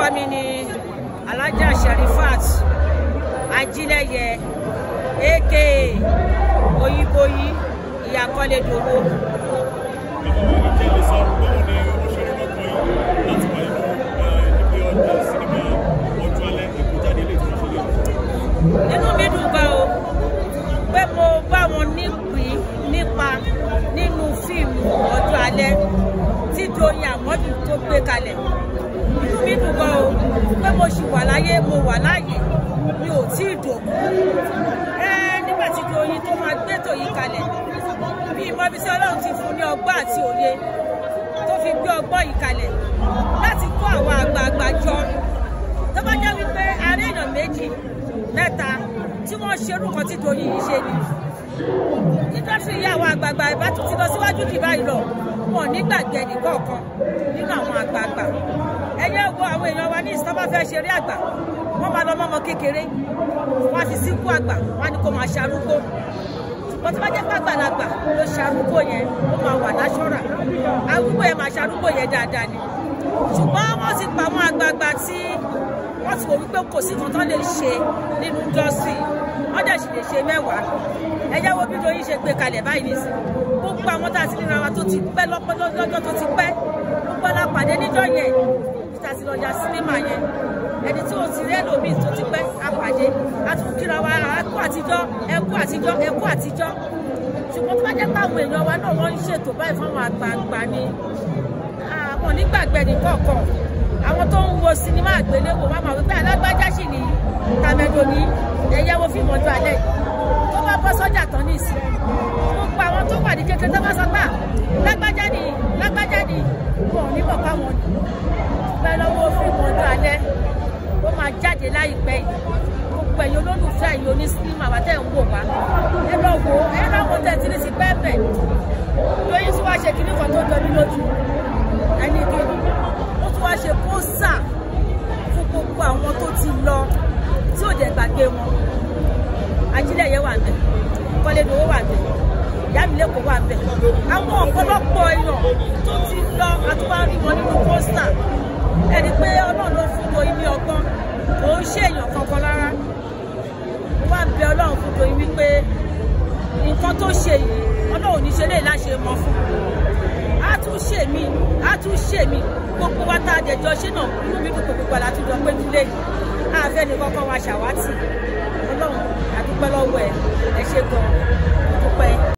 orúkọ mi ni alájà Sherifat ajílẹ̀yẹ aka oyíboyí ìyàkọ́lẹ̀dòwò. inú mi dùn gan o pé mo bá wọn nípìn nípa nínú fíìmù ọjọ́ alẹ́ tí Doyin Àmọ̀dù tó gbé kalẹ̀ dùn gan o pé mo ṣì wà láyé mo wà láàyè mi ò tí ì dòkú nígbà tí Doyin tó máa gbétò yìí kalẹ̀ bí ìmọ̀bísí ọlọ́run ti fún ní ọgbọ́n àti òye tó fi gbé ọgbọ́n yìí kalẹ̀ láti kó àwọn àgbààgbà jọ tó bá jẹ́ wípé àárín èèyàn méjì mẹ́ta tí wọ́n ṣe orúkọ tí Doyin yìí ṣe ni nítorí ìyàwó àgbààgbà ìbátú ti lọ síwájú jù báyìí lọ wọn nígbàgbẹ́ nìkọ̀ọ̀kan nínú àwọn àgbààgbà àwọn èèyàn wa ní ìsọ́bà fẹ́ ṣeré àgbà wọ́n máa lọ mọ́mọ kékeré wọ́n ti sínkú àgbà wọ́n á ní máa ṣarúgbó ṣùgbọ́n tí wọ́n jẹ́ pàgbàlagbà ló ṣarúgbó yẹn ó máa wà láṣọ́ra arúgbó yẹn máa ṣarúgbó yẹn dáadáa ni ṣùgbọ́n wọ́n ti pa àwọn àgbààgbà tí wọ́n ti wò wípé kò sí kan lè ṣe nínú indọ́sítì wọ́n dẹ̀ sì lè ṣe mẹ́wàá ẹ jẹ́ bí doyin ṣe gbé kalẹ̀ báyìí nìsín gbogbo àwọn tá a ti nira wa tó ti pẹ́ lọ́pọ̀ lọ́jọ́ tó ti pẹ́ gbogbo la pàdé níjọ́ yẹn tá ti lọ sinimá yẹn ẹni tí o ti rí ẹlòmíì tó ti pẹ́ apàdé àtúnkìra wa ẹkú àtijọ́ ẹkú àtijọ́ ẹkú àtijọ́ ṣùgbọ́n tó bá jẹ́ pé àwọn èèyàn wa náà wọ́n ń ṣètò báyìí fáwọn àgbààgbà ni àwọn onígbàgbẹ́ nìkọ̀ọ̀kan àwọn tó ń wo sinimá àgbéléwò wọn máa wípé alágbájá sì ní tàmẹ́dò ní ẹ̀yáwó fíìmù ọjọ́ alẹ́ tó bá bọ́ sọ́jà tán ní ìsìn gbogbo àwọn tó jáde láìpẹ́ yìí gbogbo ẹ̀yin olólùfẹ́ ẹ̀yin onísínímù àwátẹ́ ń wò wá ẹ lọ wò ó ẹ lọ wò tẹ̀sí ní ti pẹ́ẹ́pẹ́ lóyún tí wàá ṣe kíní kan tó jọmí lójú ẹni kejì ó tún wàá ṣe pósà fún gbogbo àwọn tó ti lọ tí ò dẹ̀ gbàgbé wọn ajílẹ̀yẹ wà bẹ̀ kọ́lẹ́dọ̀wọ́ wà bẹ̀ ìyáàmìlẹ́kọ̀ọ́ wà bẹ̀ àwọn ọ̀pọ̀lọpọ̀ èèyàn tó ti lọ àtúbárí wọn nínú pósà ẹni pé ó nǹkan tó ṣe yìí ọlọ́run ní ṣe lè láṣẹ mọ́ fún un á tún ṣe mí á tún ṣe mí gbogbo wa tá a jẹjọ ṣe náà inú mi dùn gbogbo àlá tún jọ pé nílé yìí àfẹ́ ní kọ́kọ́ wa ṣàwátì ọlọ́run àdúpẹ́ lọ́wọ́ ẹ̀ ẹ ṣe gan-an